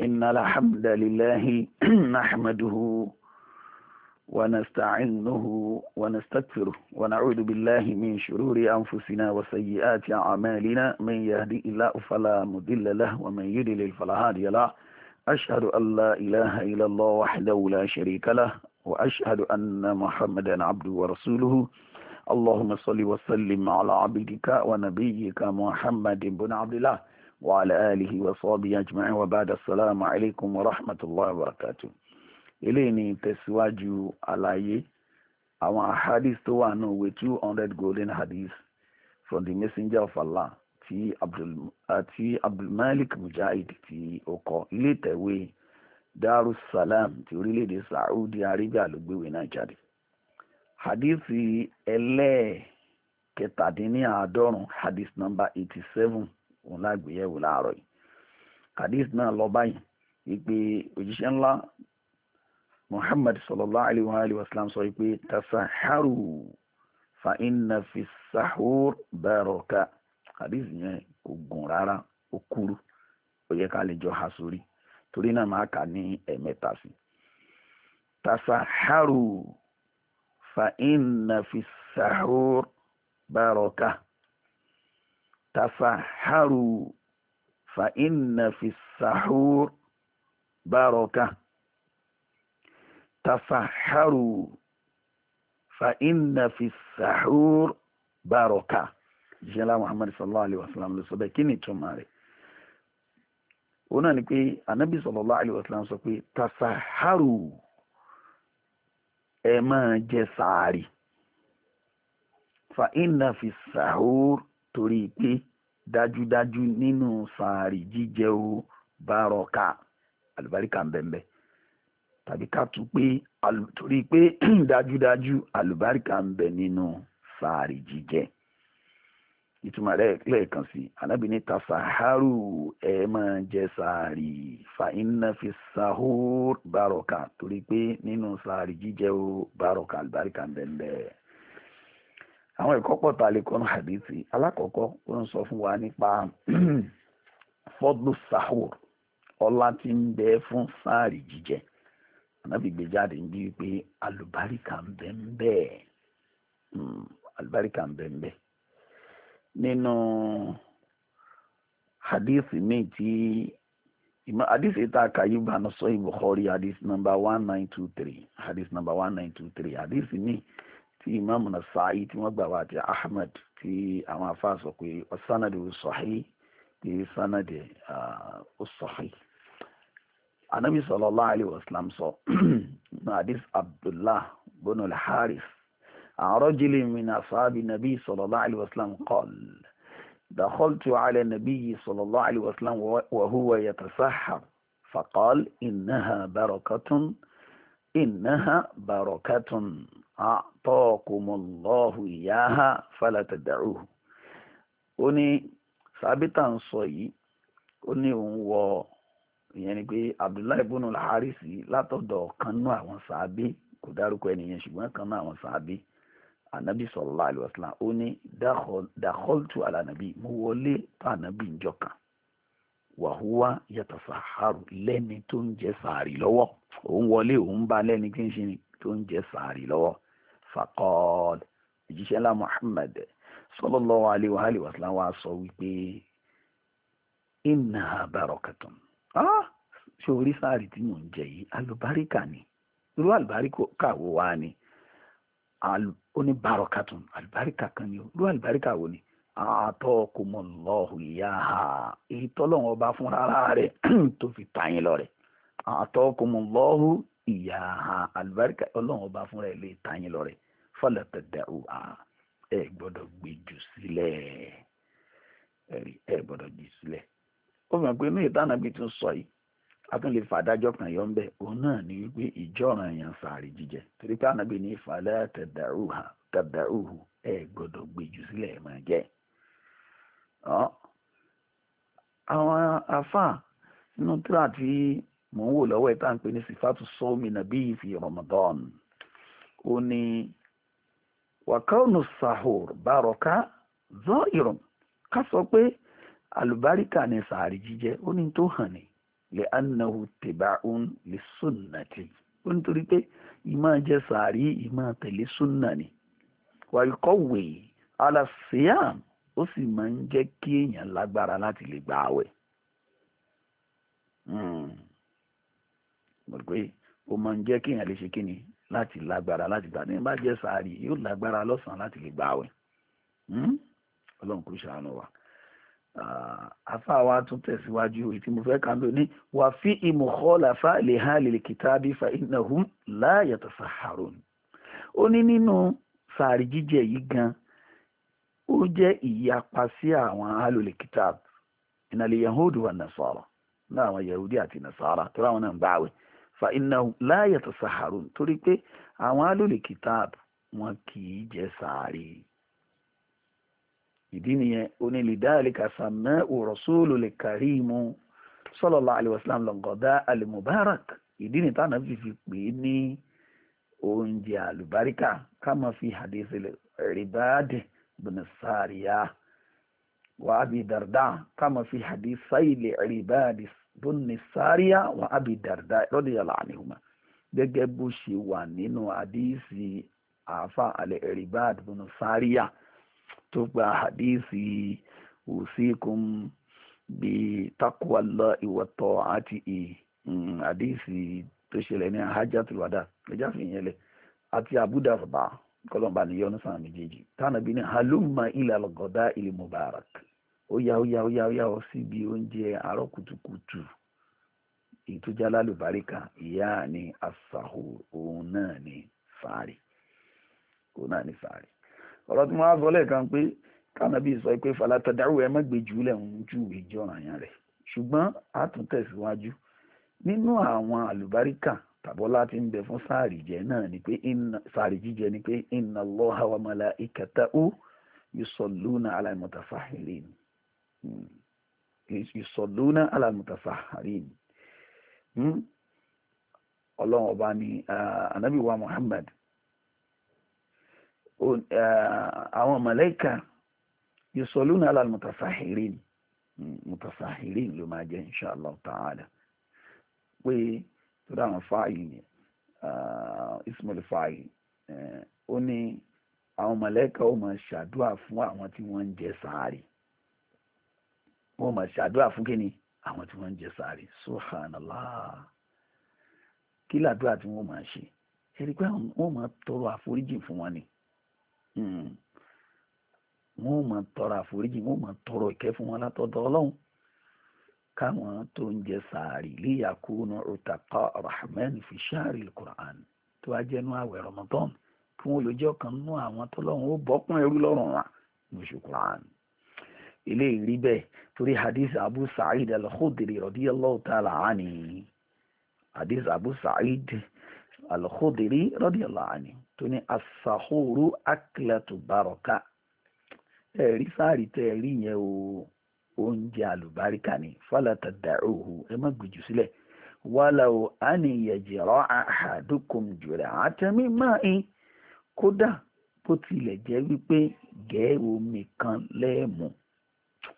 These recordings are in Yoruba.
إن الحمد لله نحمده ونستعينه ونستغفره ونعوذ بالله من شرور أنفسنا وسيئات أعمالنا من يهدي الله فلا مضل له ومن يضلل فلا هادي له أشهد أن لا إله إلا الله وحده لا شريك له وأشهد أن محمدا عبده ورسوله اللهم صل وسلم على عبدك ونبيك محمد بن عبد الله وعلى آله وصحبه أجمعين وبعد السلام عليكم ورحمة الله وبركاته eléyìí ni tẹ̀síwájú àlàyé àwọn ahadith tó wà náà wé two hundred golden hadith from the messenger of Allah ti Abdul àti eh, Abdulmalik Mujahid ti ọkọ̀ ilé ìtẹ̀wé Darussalam ti orílẹ̀-èdè Saudi Arabia ló gbéwèé náà jáde hadithi ẹlẹ́ẹ̀kẹtàdínníàádọ́rùn hadith number eighty seven òun lágbèyẹ̀wò láàárọ̀ yìí hadith náà lọ báyìí wípé òjíṣẹ́ ńlá muhammad sallallahu alayhi wa alayhi wa sallam sọ wípé tasaharu fa inna fi sahur baraka hadith yẹn kò gùn rárá ó kúrú ó yẹ ká lè jọ ha sórí torí náà máa kà ní ẹ̀mẹ́ta sí tasaharu fa inna fi sahur baraka tafaharu fa inna fi sahur baraka tafaharu fa inna fi sahur baraka jẹ́lá muhammad sallallahu alayhi wa sallam ló sọ bẹ́ẹ̀ kí ni ìtumọ̀ rẹ̀ òun náà ni pé anabi sallallahu alayhi wa sallam sọ pé tafaharu ẹ máa jẹ fa inna fi sahur torí pé dájúdájú nínú sàárì jíjẹ o bárọkà àlùbáríkà ń bẹ̀m̀bẹ̀ tàbí ká tún pé torí pé dájúdájú àlùbáríkà ń bẹ nínú sàárì jíjẹ ìtumọ̀ lẹ́ẹ̀kan sí anábì ní tasaharu ẹ máa jẹ sàárì fa inna fi sahur bárọkà torí pé nínú sàárì jíjẹ o bárọkà àlùbáríkà ń àwọn ẹ̀kọ́ pọ̀ ta lè kọ́nu hadithi alákọ̀ọ́kọ́ ó ń sọ fún wa nípa fọ́dù sahur ọlá tí ń bẹ fún sáàrì jíjẹ anábì gbé jáde ń bí pé alùbáríkà ń bẹ ń bẹ alùbáríkà hmm, ń bẹ ń bẹ nínú hadithi míì tí hadith ita kayi bá a sọ Bukhari hadith number one nine two three hadith number one nine two three hadith míì tí ìmáàmù Nasa'i tí wọ́n gbà wá àti Ahmad tí àwọn afá sọ pé ọ̀sánàdì ò sahih pé sánàdì ò sahih. anabi sallallahu alayhi wa sallam sọ hadith abdullah bin al-harith an rajulin min ashabi nabi sallallahu alayhi wa sallam qala دخلت على النبي صلى الله عليه وسلم وهو يتسحر فقال إنها بركة إنها بركة àtọ́kùmọ̀lọ́hù ìyáhá falatadàrú ó ní sábítà ń sọ yìí ó ní òun wọ ìyẹn ni pé abdullahi bùnú làárísì látọ̀dọ̀ kanú àwọn sàábí kò dárúkọ ẹnìyẹn ṣùgbọ́n kanú àwọn sàábí anabi sallallahu alaihi wasallam ó ní dàkọ́ltù alànàbí mo wọlé tó ànàbí ìjọ kan wàhúwá yatasaharu lẹ́ni tó ń jẹ sàárì lọ́wọ́ òun wọlé òun bá lẹ́ni kí n ṣe ni tó ń jẹ sàárì lọ́wọ́ faqad òjíṣẹ́ ńlá Muhammad sallallahu alaihi wa alihi wa sallam wa sọ wípé inna barakatun ah! ṣé orí sáàrì tí mò ń jẹ yìí alùbáríkà ni irú alùbáríkà wo wá ni ó ní barakatun alùbáríkà kan ni irú alùbáríkà wo ni àtọkùmọ̀lọ́hùn ìyá ha èyí tọ́lọ́wọ́n ọba fún rárá rẹ̀ tó fi ta yín lọ rẹ̀ àtọkùmọ̀lọ́hùn ìyá ha alùbáríkà ọlọ́wọ́n ọba fún rẹ̀ lè ta yín lọ rẹ̀ fọlẹtẹdẹ ọhà ẹ gbọ́dọ̀ gbé jù ẹ gbọdọ jù sílẹ̀ ó mọ̀ pé ní ìtànà bíi tún sọ yìí a lè kan yọ ńbẹ òun náà ní wípé ìjọràn èèyàn sàárì jíjẹ torí pé ànábì ní ẹ ẹ máa jẹ àwọn nínú tíra tí mò ń wò lọ́wọ́ ẹ̀ tá wàkàónù sahur bàrọ̀ká zọ ìrùn ká sọ pé alùbáríkà ni sàárì jíjẹ ó ní tó hàn ní lè anahu tìbáun lè sunnati ó nítorí pé ìmọ̀ jẹ sàárì ìmọ̀ tẹ̀lé sunna ni wàyíkọ́ wèé alasiam ó sì máa ń jẹ́ kí èèyàn lágbára láti lè gba àwẹ̀ hmm. mo rò pé ó máa ń jẹ́ kí èèyàn lè ṣe kí ni láti lágbára láti gbà ní bá jẹ sàárì yóò lágbára lọ́sàn-án láti lè gbà wẹ̀ hmm? ọlọ́run kò ṣàánú wa afa ah, wa tún tẹ̀síwájú èyí tí mo fẹ́ kà ló ní wà fí ìmùkọ́láfà lè ha lè kìtàbí fa innahum la yatasahharun ó ní nínú sàárì jíjẹ yìí gan ó jẹ́ ìyapa sí àwọn alòlè kìtàb ìnàlè yahudu wa nasara náà àwọn yahudi àti nasara tó ráwọn náà ń báwẹ̀ fa iná láàyè tó sàárò torí pé àwọn alòlè kìtáàbù wọn kì í jẹ sàárè ìdí nìyẹn onílìdáàlìkà sàmẹ òrọsóòlù lè kárí mu sọlọlá aliwasalam lọgọdá alimubarak ìdí nìta náà fi fi pè é ní oúnjẹ àlùbáríkà ká máa fi hadith ribadi bin sariya wàá bi darda ká máa fi hadith sayili ribadi bóni sáríà wà ábí dàrdà rọ́dìyàlá àníhùmá gẹ́gẹ́ bó ṣe wà nínú àdíìsì àáfà alẹ́ ẹ̀rìbáàdì bóni sáríà tó gba àdíìsì òsíkùn bí takwalá ìwọ̀tọ̀ àti hmm, àdíìsì tó ṣẹlẹ̀ ní hajjatul wada ẹja fi yẹn lẹ àti abudu àfọ̀bá kọlọ́mbà níyọ́nù sàn tánàbí ní halumma ilà al-ghada mubarak ó yá ó yá ó yá ó yá ọ síbi oúnjẹ àárọ̀ kùtùkùtù èyí tó já lálùbáríkà ìyá ni asahu òun náà ni fàárì òun náà ni fàárì ọ̀rọ̀ tí mo wá sọ lẹ́ẹ̀kan pé kánàbí sọ pé falatadaru ẹ má gbé jùlẹ̀ ń júwe jọ̀ranyàn rẹ̀ ṣùgbọ́n a tún tẹ̀síwájú nínú àwọn àlùbáríkà tàbọ́lá ti ń bẹ fún sáàrì jẹ náà ni pé sáàrì jíjẹ ni pé inna Allaha wa malaikatahu yusalluna ala al-mutafahirin yusọ̀lúnà alàmùtàfà àríyìn ọlọ́run ọba ni anabi wa muhammad àwọn màláíkà yusọ̀lúnà alàmùtàfà àríyìn mùtàfà àríyìn ló máa jẹ́ inṣàlá ta'ala pé tó dáhùn fáàyè ni ismail fáàyè eh، ó ní àwọn màláíkà ó máa ṣàdúrà fún àwọn tí wọ́n ń jẹ sàárì wọ́n máa ṣàdúrà fún kíni àwọn tí wọ́n ń jẹ sáré subhanallah kí làdúrà tí wọ́n máa ṣe ẹ rí i pé wọ́n máa tọrọ àforíjì fún wọn ni hmm. wọ́n máa tọrọ àforíjì wọ́n máa tọrọ ìkẹ́ fún wọn látọ̀dọ̀ ọlọ́run káwọn tó ń jẹ sáré liyakunu utaqa rahman fi shahri al-Qur'an tó wá jẹ́ àwẹ̀ Ramadan kí wọ́n lè jẹ́ ọ̀kan nú àwọn tọ́lọ́run ó bọ́kún ẹrú lọ́rùn wa ní oṣù Qur'an eléyìí rí bẹ́ẹ̀ torí hadith abu sa'id al-khudri radiyallahu ta'ala ani hadith abu sa'id al-khudri radiyallahu ani tó ní asahuru akilatu baraka ẹ̀rí sáàrí tẹ́ ẹ̀rí yẹn o oúnjẹ àlùbáríkà ni fálàtà dàrúhù ẹ má gbìjù sílẹ̀ wàláwo àníyànjẹ̀rọ̀ àhàdùkùn jùlẹ̀ àtẹ̀mí máa ń kódà bó tilẹ̀ jẹ́ wípé gẹ́ omi kan lẹ́ẹ̀mú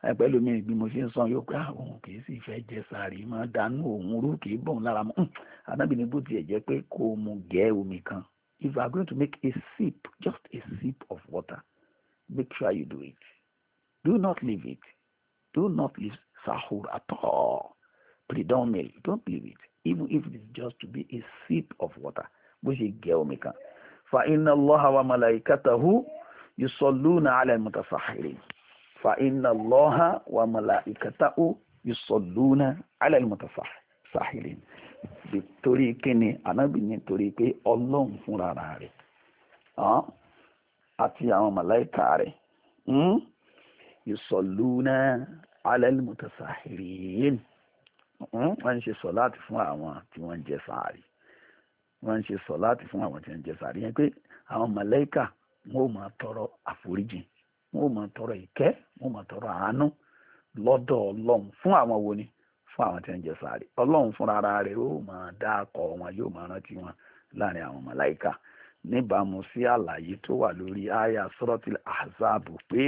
ẹ̀pẹ́ lómi ìgbì mo ṣe ń sọ yóò pé àwọn ah, kì í sì fẹ́ jẹ sàárì máa dànù òun rú kì í bọ̀ lára mu anábìnrin hmm, bó tiẹ̀ jẹ́ pé kó o gẹ́ omi kan if you are going to make a sip just a sip of water make sure you do it do not leave it do not leave sahur at all predown meal don't leave it even if it is just to be a sip of water bó ṣe gẹ́ omi kan fa inna Allaha wa malaikatahu yusalluna ala al-mutasahhirin fa inna Allaha wa malaikatahu yusalluna ala al-mutasahhirin torí kíni ànábì ní torí pé ọlọ́run fúnra rẹ̀ ah, àti àwọn màláìka rẹ̀ hmm, yusalluna ala al-mutasahhirin hmm, wọ́n ń ṣe sọ̀láàtì fún àwọn tí wọ́n ń jẹ sàárì wọ́n ń ṣe sọ̀láàtì fún àwọn tí wọ́n ń jẹ sàárì yẹn pé àwọn màláìka wọn ò máa tọrọ àforíjì wọn ò mọ̀ tọrọ ìkẹ́ wọn ò mọ̀ tọrọ àánú lọ́dọ̀ ọlọ́run fún àwọn wo ni fún àwọn tí ń jẹ sàárè ọlọ́run fúnra ara rẹ̀ ó máa dá akọ wọn yóò máa rántí wọn láàrin àwọn màláìka níbàámu sí àlàyé tó wà lórí àyà suratul ahzab pé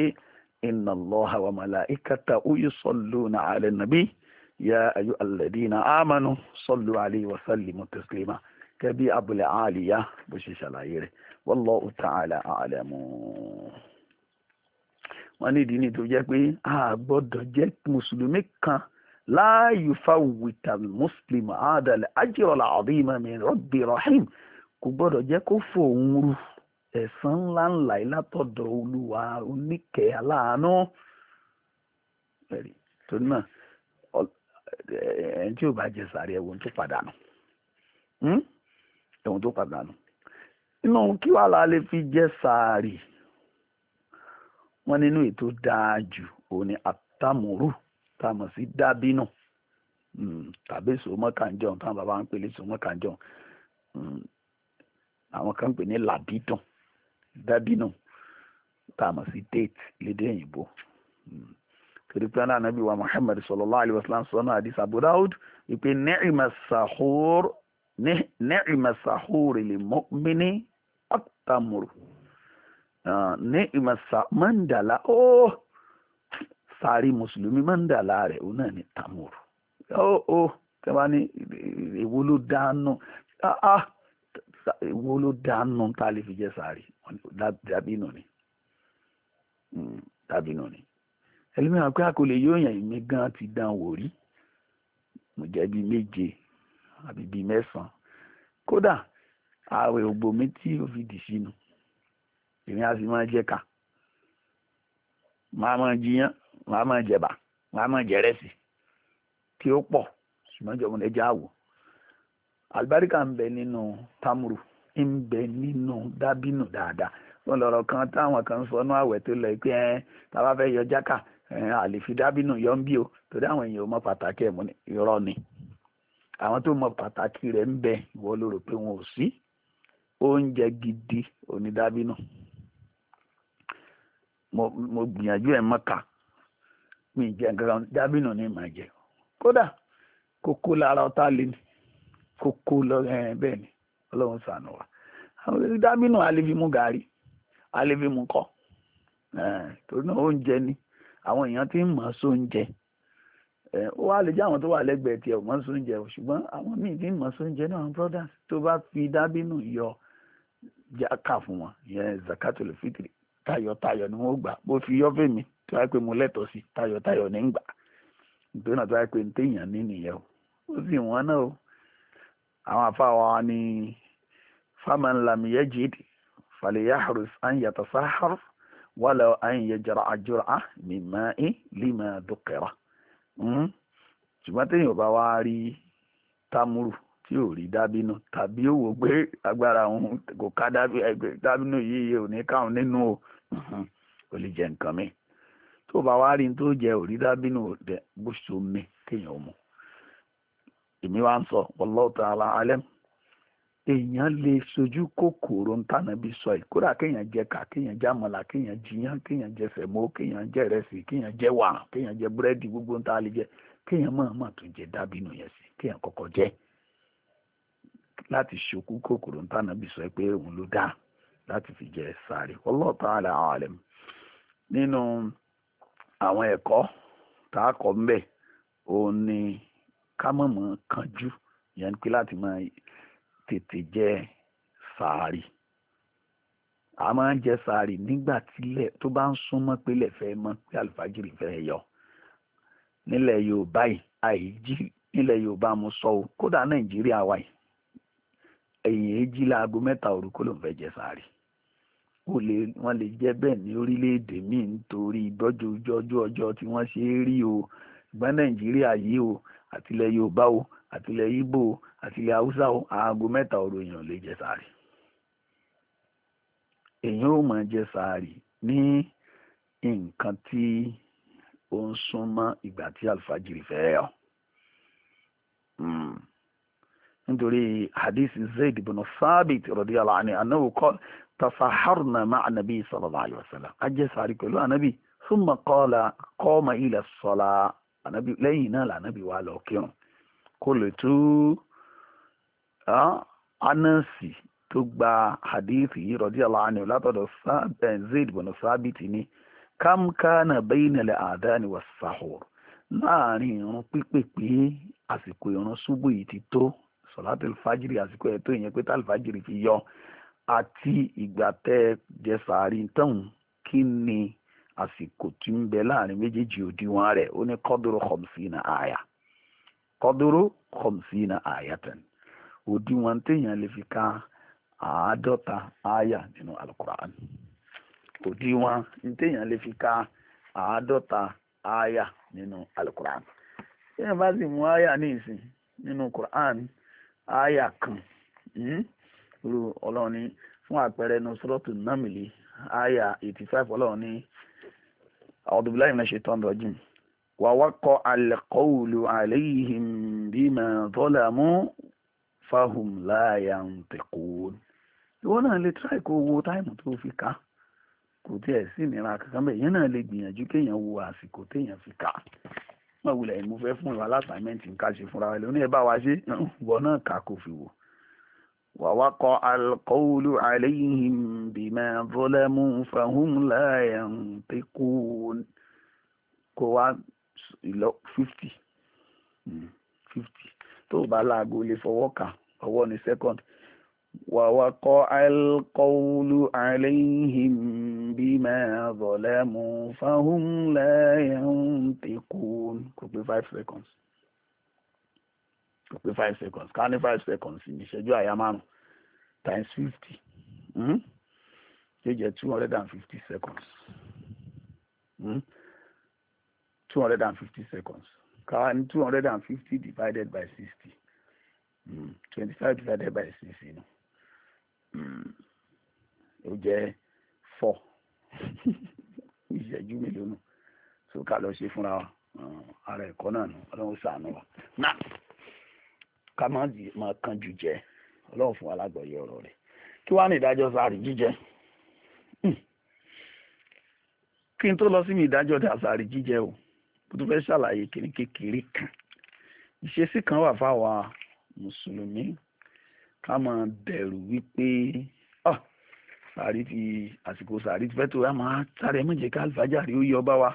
inna allaha wa malaikatahu yusalluna ala nabi ya ayyuhal ladina amanu sallu alayhi wa sallimu taslima kẹbi abul aliya bó ṣe ṣàlàyé rẹ̀ wallahu ta'ala a'lamu wọ́n ní ìdí ni tó jẹ́ pé a gbọ́dọ̀ jẹ́ mùsùlùmí kan láàyò fáwùtà mùsùlùmí àádàlẹ̀ ajírọ̀lá ọ̀dìmọ̀ mi rọ́bì rahim kò gbọ́dọ̀ jẹ́ kó fòun ru ẹ̀san ńláńlá látọ̀dọ̀ olúwa oníkẹ́ aláàánú torí náà ẹni tí ò bá jẹ sàárẹ̀ ẹ̀wọ̀n tó pàdánù hmm? ẹ̀wọ̀n tó pàdánù inú kí wàá la lè fi jẹ sàárì wọ́n nínú ètò dáa jù òun ni àtàmúrù tàmọ̀ sí dábínù hmm, tàbí sòmọ́kànjọ́ táwọn bàbá ń pè ní sòmọ́kànjọ́ hmm, àwọn kan ń pè ní làbídùn dábínù tàmọ̀ sí déètì lédè òyìnbó kìrìpẹ́nà hmm, anábì wa muhammad sallallahu alayhi wa sallam sọ́nà àdìs abu daud ìpè ni'ma sahur ni'ma sahur lil mu'mini àtàmúrù. Ah, ni'mas mọ́ndàlá ó oh sari mọ́ndàlá rẹ̀ òun náà oh, oh, ní tamur ó ó kẹwàá o èwo ló dáná ah, ah, èwo ló dáná tá a lè fi jẹ sàárì dàbínú ni hmm, dàbínú ni ẹlẹ́mìíràn pé àkọlé yóò yàn mí gan ti dán wò rí mo jẹ́ bíi méje àbí bíi mẹ́sàn-án kódà ààwẹ̀ ògbómi tí ó fi dì sínú èmi á sì máa jẹ ká máa máa jiyán máa máa jẹ̀bà máa máa jẹ̀rẹ̀sì tí ó pọ̀ ṣùgbọ́n jọ̀wọ́ ní ẹja àwò àlùbáríkà ń bẹ nínú tamuru ń bẹ nínú dábìnù dáadáa wọn lọ́rọ̀ kan táwọn kan sọ ní àwẹ̀ tó lọ pé ẹ tàbá fẹ́ yọ jákà àlèfi dábìnù yọ ń bí o torí àwọn èèyàn mọ pàtàkì ẹ̀ mọ́ ni ni àwọn tó mọ pàtàkì rẹ̀ ń bẹ ìwọ ló pé wọn ò sí oúnjẹ gidi onídábìnù mo gbìyànjú ẹ̀ mọ́ka mi jẹ nǹkan dábìnà ni màá jẹ kódà kókó lára ọ̀tá lé ní kókó lọ bẹ́ẹ̀ ni ọlọ́run ṣàánú wa dábìnà alẹ́fimú gàrí alẹ́fimú kọ́ torí náà oúnjẹ ni àwọn èèyàn ti ń mọ̀ ọ́ sóúnjẹ ó wá lè jẹ́ àwọn tó wà lẹ́gbẹ̀ẹ́ tiẹ̀ ò mọ̀ sóúnjẹ o ṣùgbọ́n àwọn míì ti ń mọ̀ sóúnjẹ náà àwọn brothers tó bá fi dábìnà yọ jáka fún wọn ìyẹn zakatul fitri tayo ni wọ́n gbà mo fi yọ́fẹ́ mi tó wáá pé mo lẹ́tọ̀ọ́ sí ni ní gbà nítorí náà tó wáá pé o ó sì o àwọn afáwa wa ni faman lam yajid falyahrus an yatasahhar walaw an yajra'a lima hmm. ṣùgbọ́n bá wá rí tí ò rí dábínú tàbí wò pé agbára òun kò ká dábínú yìí ò ní káwọn o. ó lè jẹ nǹkan mi tó bá wá rí n tó jẹ òrí dábínú dẹ bó ṣe omi kéèyàn mu èmi wá ń sọ wallahu ta'ala alam èèyàn lè sojú kòkòrò ń tànà bí sọ yìí kódà kéèyàn jẹ ká kéèyàn jẹ àmàlà kéèyàn jiyán kéèyàn jẹ fẹmọ kéèyàn jẹ rẹsì kéèyàn jẹ wà kéèyàn jẹ búrẹ́dì gbogbo ń tà lè jẹ kéèyàn máa máa tún jẹ dábìnú yẹn sí kéèyàn kọ́kọ́ jẹ láti ṣokú kòkòrò ń tànà bí sọ pé òun ló dáa láti fi jẹ sàárì wallahu ta'ala alim nínú àwọn ẹ̀kọ́ tá a kọ́ mbẹ̀ òun ni ká má mọ̀ kánjú ìyẹn pé láti máa tètè jẹ sàárì a máa ń jẹ sàárì nígbà tílẹ̀ tó bá ń súnmọ́ pélẹ̀ fẹ́ mọ́ pé àlùfájìrì fẹ́ yọ nílẹ̀ yorùbá yìí àìjí nílẹ̀ yorùbá mo sọ kódà nàìjíríà wa yìí ẹ̀yìn èjì láago mẹ́ta òru kó ló ń fẹ́ jẹ sàárì wọ́n lè jẹ́ bẹ́ẹ̀ ní orílẹ̀-èdè míì nítorí ìdọ́jú ojú ọjọ́ tí wọ́n ṣe é rí o ṣùgbọ́n nàìjíríà yìí o àtilẹ̀ yorùbá o àtilẹ̀ ìgbò o àtilẹ̀ haúsá o aago mẹ́ta òru èèyàn lè jẹ sàárì èèyàn ò máa jẹ sàárì ní nǹkan tí ó ń súnmọ́ ìgbà tí alfajiri fẹ́ ọ́ hmm. nítorí hadith zayd ibn sabit radiyallahu anhu anahu qala tasaharna ma'a nabi sallallahu alayhi wa sallam ajẹ́ sàárì pẹ̀lú ànábì súnmọ́ kọ́ọ̀lá kọ́ọ̀mà ilẹ̀ sọ́lá ànábì lẹ́yìn náà lànábì wà lọ kírun kó lè tú anansi tó gba hadithi yìí radiyallahu anhu látọ̀dọ̀ zayd bọ̀nà sábìtì ni kam kana bayna al-adhan was-sahur láàrin irun pípé pé àsìkò irun ṣubú yìí ti tó sọ̀látìl fájìrì àsìkò ẹ̀ tó ìyẹn pé tàlfájìrì fi yọ àti ìgbà tẹ́ ẹ jẹ sàárì tọ́hún kí ni àsìkò tí ń bẹ láàrin méjèèjì òdiwọ̀n rẹ̀ ó ní kọ́dúró khamsina àyà kọ́dúró khamsina àyà tẹ̀lé òdiwọ̀n téèyàn lè fi ka àádọ́ta àyà nínú alukur'an òdiwọ̀n téèyàn lè fi ka àádọ́ta àyà nínú alukur'an téèyàn bá sì mú àyà ní ìsìn nínú kur'an àyà kan. Hmm, irú ọlọ́run ní fún àpẹẹrẹ inú sọ́rọ́tù námìlì àyà eighty five ọlọ́run ní ọ̀dùbíláì náà ṣe tán dọ̀jìn wà wá kọ alẹ́kọ̀ọ́lù àlẹ́yìn bímọ tọ́lá mú fáhùn láàyà ń tẹ̀kọ́ ìwọ náà lè tíráì kó wo táìmù tó fi ká kò tí ẹ̀ sí ìnira kankan bẹ́ẹ̀ yẹn náà lè gbìyànjú kéèyàn wo àsìkò téèyàn fi kà mọ̀ wulẹ̀ mo fẹ́ fún ìwà látàmẹ́ǹtì ń ká ṣe fúnra rẹ̀ lónìí ẹ bá wa ṣe ìwọ náà kà kò fi wò ووقع القول عليهم بما ظلموا فهم لا ينطقون Quran fifty fifty tó o bá láago lè fọwọ́ kà ọwọ́ ووقع القول عليهم بما ظلموا فهم لا ينطقون kò pé seconds pé five seconds ká ní five seconds ní ìṣẹ́jú àyà márùn times fifty hmm? yóò jẹ́ two hundred and fifty seconds hmm? two hundred and fifty seconds ká ní two hundred and fifty divided by sixty hmm? twenty five divided by sixty nù yóò jẹ́ four ìṣẹ́jú mélòó nù so ká lọ ṣe fúnra wa ara ẹ̀kọ́ náà nù ọlọ́run ṣàánú wa náà ká má máa kánjú jẹ ọlọ́run fún wa lágbọ̀ọ́yé ọ̀rọ̀ rẹ̀ kí wàá ní ìdájọ́ sàárì jíjẹ hmm. kí n tó lọ sí mi ìdájọ́ sàárì jíjẹ o mo tún fẹ́ ṣàlàyé kíní kékeré kan ìṣesí kan wà fáwa mùsùlùmí ká máa bẹ̀rù wípé ah, sàárì ti àsìkò sàárì ti fẹ́ tó yá máa sáré mọ̀jẹ̀ ká àlùfájà rí ó yọ bá wa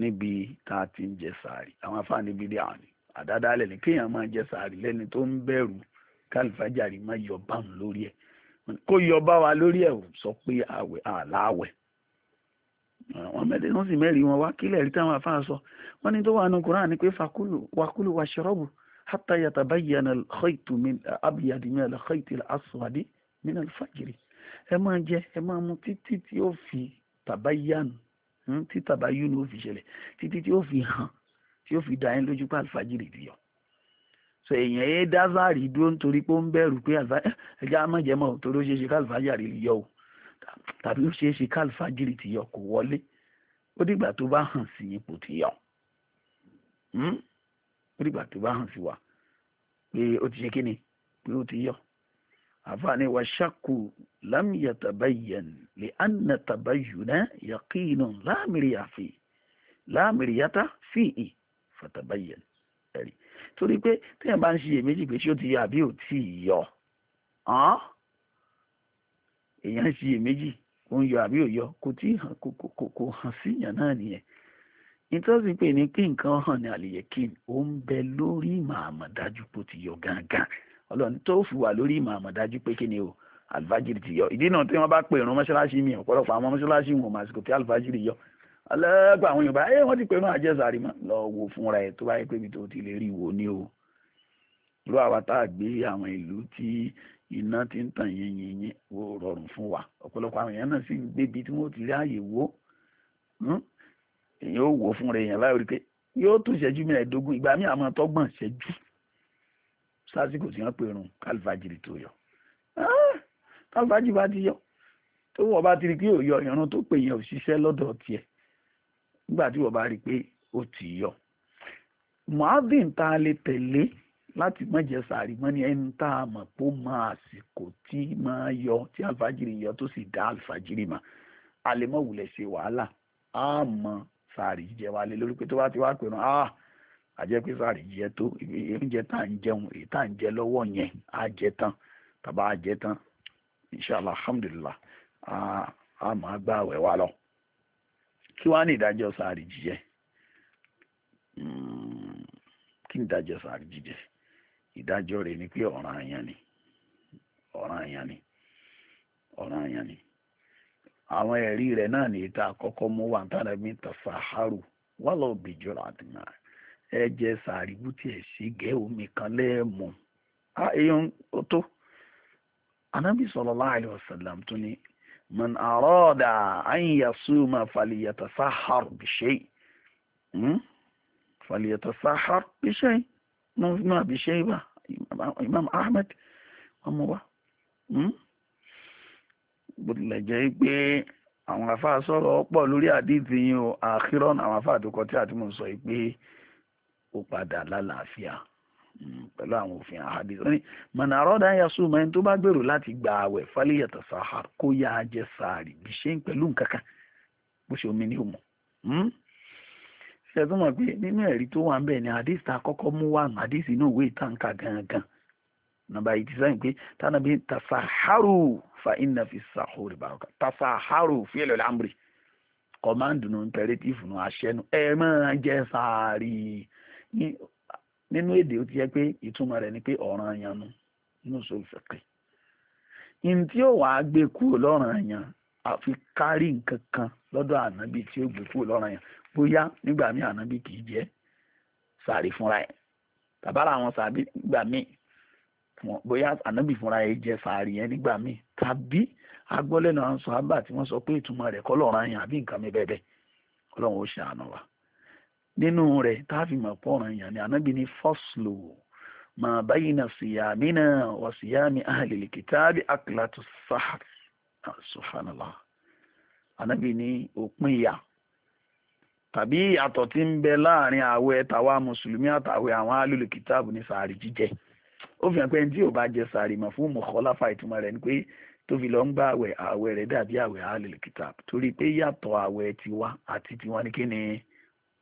níbi tá a ti ń jẹ sàárì àwọn afáàní bíi àwọn ni àdádálẹ̀ ni kéèyàn máa jẹ sàárì lẹ́ni tó ń bẹ̀rù kálífàjárì má yọ bá òun lórí ẹ̀ kó yọ bá wa lórí ẹ̀ sọ pé àwẹ̀ àláwẹ̀ àwọn mẹ́rin wọ́n sì mẹ́rin wọn wá kílẹ̀ rí táwọn afáà sọ wọ́n ní tó wà nù kúrán ni pé fakulu wakulu washrabu hatta yatabayyana al-khaytu min abyadi min al-khayti la aswadi min al-fajri ẹ máa jẹ ẹ máa mu títí tí ó fi tàbáyánu hmm, tí tàbáyánu ó fi ṣẹlẹ̀ títí tí ó fi hàn tí ó fi dá yín lójú pé àlùfájìrì ti yọ so èèyàn yé dázàrì dúró nítorí pé ó ń bẹ̀rù pé eh, ẹja mọ̀jẹ̀mọ̀ torí ó ṣeé ṣe kálífàjìrì yọ o tàbí ó ṣeé ṣe kálífàjìrì ti yọ kò wọlé ó dìgbà tó bá hàn sí ipò ti yọ hmm? ó dìgbà tó bá hàn sí wa pé ó ti ṣe kí ni pé ó ti yọ àfààní wa ṣàkù lámìyàtàbáyẹn lè ànàtàbáyùnà yàkínú láàmìrìyàtà fìhì fatabayyan ẹ̀rí torí pé téèyàn bá ń ṣe èméjì pé ṣé ó ti yọ àbí ò tí ì yọ èèyàn ń ṣe èméjì ó ń yọ àbí ò yọ kò tí kò hàn síyàn náà nìyẹn nítorí pé ní kí nǹkan hàn ní àlìyẹ̀kín ó ń bẹ lórí ìmọ̀ àmọ̀dájú pé ó ti yọ gángan ọlọ́run tó fi wà lórí ìmọ̀ àmọ̀dájú pé kí ni o àlùfájìrì ti yọ ìdí náà tí wọ́n bá pè ìrun mọ́ṣáláṣí mi ọ̀pọ̀lọpọ̀ àwọn mọ́ṣáláṣí wọn màsìkò tí àlùfájìrì yọ alágbà àwọn yorùbá ẹ wọ́n ti pẹ̀lú àjẹsàrí mọ́ lọ wo fúnra ẹ̀ tó bá yẹ pé ibi tó ti lè rí wo ni o ló àwa tá a gbé àwọn ìlú tí iná ti ń tàn yín yín yín wo rọrùn fún wa ọ̀pọ̀lọpọ̀ àwọn èèyàn náà sì ń gbébi tí wọ́n ti rí àyè wo hmm? èèyàn ó wò fúnra èèyàn láì rí pé yóò tó ìṣẹ́jú mẹ́ẹ̀ẹ́dógún ìgbà míì àmọ́ tọ́gbọ̀n ìṣẹ́jú sásìkò tí wọ́n pèrún kálífàjìrì tó yọ ah! kálífàjì bá ti yọ tó wọ́n bá ti rí pé òyọ ìrún tó pè yẹn ò ṣiṣẹ́ lọ́dọ̀ tiẹ̀ nígbà tí wọ́n bá rí i pé ó ti yọ muhammed tá a lè tẹ̀lé láti mọ̀jẹ̀ sàárì mọ́ ni ẹni tá a mọ̀ pé ó mọ àsìkò tí máa yọ tí alfajiri yọ tó sì dá alfajiri mọ̀ àlèmọ̀wulẹ̀ ṣe wàhálà á mọ sàárì jíjẹ wa lé lórí pé tó bá ti wá pẹ̀rùn á ah, àjẹ́ pé sàárì jíjẹ tó oúnjẹ tá à ń jẹun èyí tá à ń jẹ lọ́wọ́ yẹn á jẹ tán tàbá á jẹ tán inshallah alhamdulillah á máa gbààwẹ̀ wa lọ. kí wàá ní ìdájọ́ sàárì jíjẹ hmm, kí ni pé ọ̀ràn àyàn ni ọ̀ràn àyàn ni ọ̀ràn àyàn ni àwọn ẹ̀rí rẹ̀ náà ní ìta àkọ́kọ́ mú tára mi saharu wà lọ bìjọ àdìmọ́ jẹ sàárì bútí sí omi kan a èèyàn ó tó anábì من أراد أن يصوم bìṣẹ́ بشيء، bìṣẹ́ بشيء، ما بشيء bìṣẹ́ إمام أحمد، ahmed wọ́n mú wa bó tilẹ̀ jẹ́ pé àwọn afá sọ̀rọ̀ pọ̀ lórí àdìtì yìí o àkírọ́nù àwọn afá àdókọ́ tí àti sọ pé ó padà lálàáfíà. Mm, pẹ̀lú àwọn òfin àhàdí ó ní mọ̀nàrọ́dà ń yasú mọ́ ẹni tó bá gbèrò láti gba àwẹ̀ fálẹ́yàtọ̀ sahar kó yá a jẹ sàárì bí ṣe ń pẹ̀lú nǹkan kan bó ṣe omi ní òmù. ṣe tó mọ̀ pé nínú ẹ̀rí tó wà ń bẹ̀ ni hadith ta kọ́kọ́ mú wà ní hadith inú ìwé ìtànkà gangan nàbà yìí ti sẹ́yìn pé tánàbí tasaharu fa inna fi sahori baraka tasaharu fi èlò lámbìrì kọ́mándù nù imperative nù àṣẹ nù ẹ máa jẹ sàárì nínú èdè ó ti yẹ pé ìtumọ̀ rẹ̀ ni pé ọ̀ràn àyànnu nínú usul fiqh ìyìn tí ó wàá gbé kúrò lọ́ràn àyàn àfi kárí nǹkan kan lọ́dọ̀ ànábì tí ó gbé kúrò lọ́ràn àyàn bóyá nígbà míì ànábì kì í jẹ́ sàrí fúnra ẹ̀ tàbára àwọn sàbí gbà míì bóyá ànábì fúnra ẹ̀ jẹ́ sàrí yẹn nígbà míì tàbí agbọ́lẹ́nu àwọn sọ̀hábà tí wọ́n sọ pé ìtumọ̀ rẹ̀ kọ́ lọ́ràn àyàn àbí nǹkan mi bẹ́ẹ̀ bẹ́ẹ̀ ọlọ́run ó ṣàánú wa. nínú rẹ̀ tá a fi yàn ni báyìí na síyàmí náà wà síyàmí ahlil kitabi akilatu sahar ah, subhanallah ànábì ní òpin ìyà tàbí ìyàtọ̀ tí ń bẹ láàrin àwẹ̀ tàwa mùsùlùmí àtàwẹ̀ àwọn ahlil kitabu ní sàárì jíjẹ ó fi hàn pé ẹni tí ò bá jẹ sàárì mọ̀ fún mọ̀kọ́láfà ìtumọ̀ ni pé tó fi lọ ń gba àwẹ̀ àwẹ̀ dàbí tiwa àti tiwa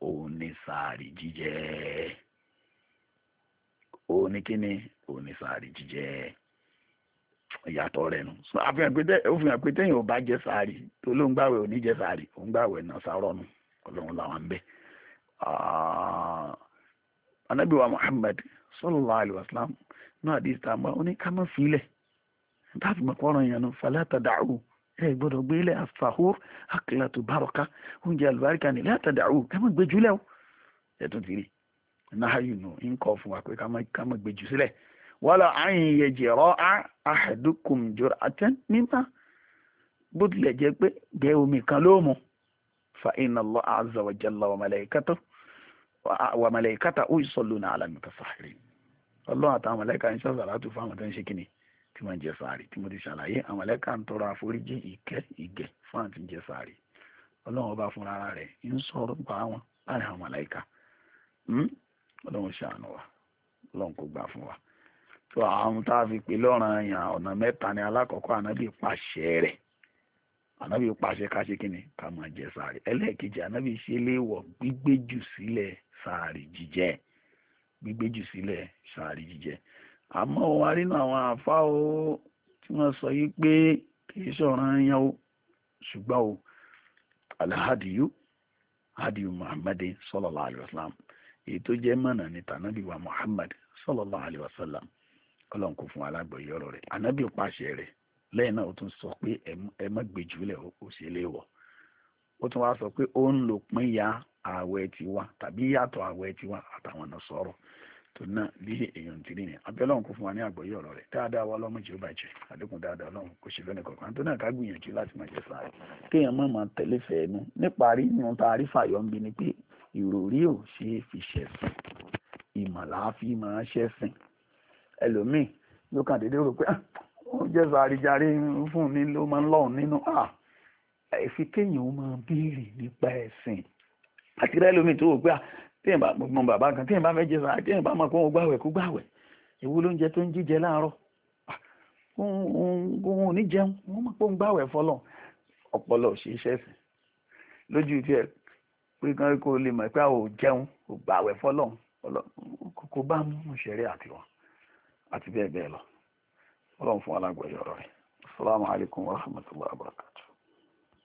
òun ni sàárì jíjẹ òun ni kíni òun ni sàárì jíjẹ ìyàtọ̀ rẹ̀ nu ó fi ò bá jẹ sàárì tó ló ń gbàwẹ̀ ò jẹ sàárì nu làwọn ń bẹ. Ah, wa Muhammad sallallahu alaihi náà mọ̀kọ́rọ̀ yẹn nu falata ẹ gbọ́dọ̀ gbé ilẹ̀ àfàhór àkìlàtò bárọ̀ká oúnjẹ àlùbáríkà nílẹ̀ àtàdàrú ká má gbé jùlẹ̀ o ẹ tún ti rí náhàyù nù ń kọ́ fún wa pé ká má gbé jù sílẹ̀ wàlà àyìn yẹjẹrọ àhàdùkùn jọrọ àtẹn mímá bó tilẹ̀ jẹ́ pé gbé omi kan ló mu fa inna Allah azza wa jalla wa ó ìsọlù náà alámi kàfàárí ọlọ́run àtàwọn màláíkà ń ṣàṣàrà tó fáwọn tó ń ṣe kìnnìkan tí wọ́n ń jẹ sàárì tí mo ti ṣàlàyé àwọn ẹlẹ́ka ń tọrọ àforíjì ìkẹ́ ìgẹ̀ fún àti jẹ ọlọ́run ọba fúnra rẹ̀ ń sọ̀rọ̀ pa wọn láàrin àwọn ẹlẹ́ka hmm? ọlọ́run ṣàánú wa ọlọ́run kò gbà fún wa tó tá a fi pè lọ́ràn yàn ọ̀nà mẹ́ta ni alákọ̀ọ́kọ́ ànábì pàṣẹ rẹ̀ ànábì pàṣẹ ká ṣe kíni ká máa jẹ sàárì ẹlẹ́ẹ̀kejì ànábì ṣe sílẹ̀ àmọ́ na wá nínú àwọn àfa o tí wọ́n sọ yí pé kìí sọ̀ràn anyanwụ o ṣùgbọ́n o alahadiyu hadiyu muhammad sallallahu alayhi wa sallam èyí tó jẹ́ mọ̀nà ní muhammad sallallahu alayhi wa sallam ọlọ́run kò fún alágbòye ọ̀rọ̀ rẹ̀ ànábì pàṣẹ rẹ̀ lẹ́yìn náà ó tún sọ pé ẹ má gbé jùlẹ̀ ya tó ná bí èèyàn tìrì ni abẹ́lẹ́ ọ̀hún kò fún wa ní àgbọ́yé ọ̀rọ̀ rẹ̀ dáadáa wa ọlọ́mọ jù bàjẹ́ àdékùn dáadáa ọlọ́run kò ṣe lónìí kankan tó ká gbìyànjú láti máa jẹ sáré kéèyàn má máa tẹ̀lé fẹ́ẹ́ nu níparí nínú tá a rí fàyọ́ ń bi ni pé ìròrí ò ṣe é fi ṣẹ̀sìn ìmọ̀lá fi máa ṣẹ̀sìn ẹlòmíì ló kàn déédéé rò pé ah, ó jẹ́ sáré járe fún ni ló máa ń lọ́run nínú àfi ah, kéèyàn máa béèrè nípa ẹ̀sìn àti rẹ́lómi tó wò pé ah, téèyàn bá mọ bàbá kan téèyàn bá fẹ́ jẹ sàárà téèyàn bá mọ kó ń gbàwẹ̀ kó gbàwẹ̀ èwo ló ń jẹ tó ń jíjẹ láàárọ̀ òun ò ní jẹun wọ́n mọ̀ pé òun gbàwẹ̀ fọlọ́ ọpọlọ òṣìṣẹ́ sí lójú tiẹ̀ pé kán kó lè mọ̀ pé àwọn ò jẹun ò gbàwẹ̀ fọlọ́ kókó bá mú ṣẹ̀rí àti wọn àti bẹ́ẹ̀ bẹ́ẹ̀ lọ ọlọ́run fún alágbèyọ̀rọ̀ rẹ̀ asalaamualeykum wa rahmatulahi wa barakatuh.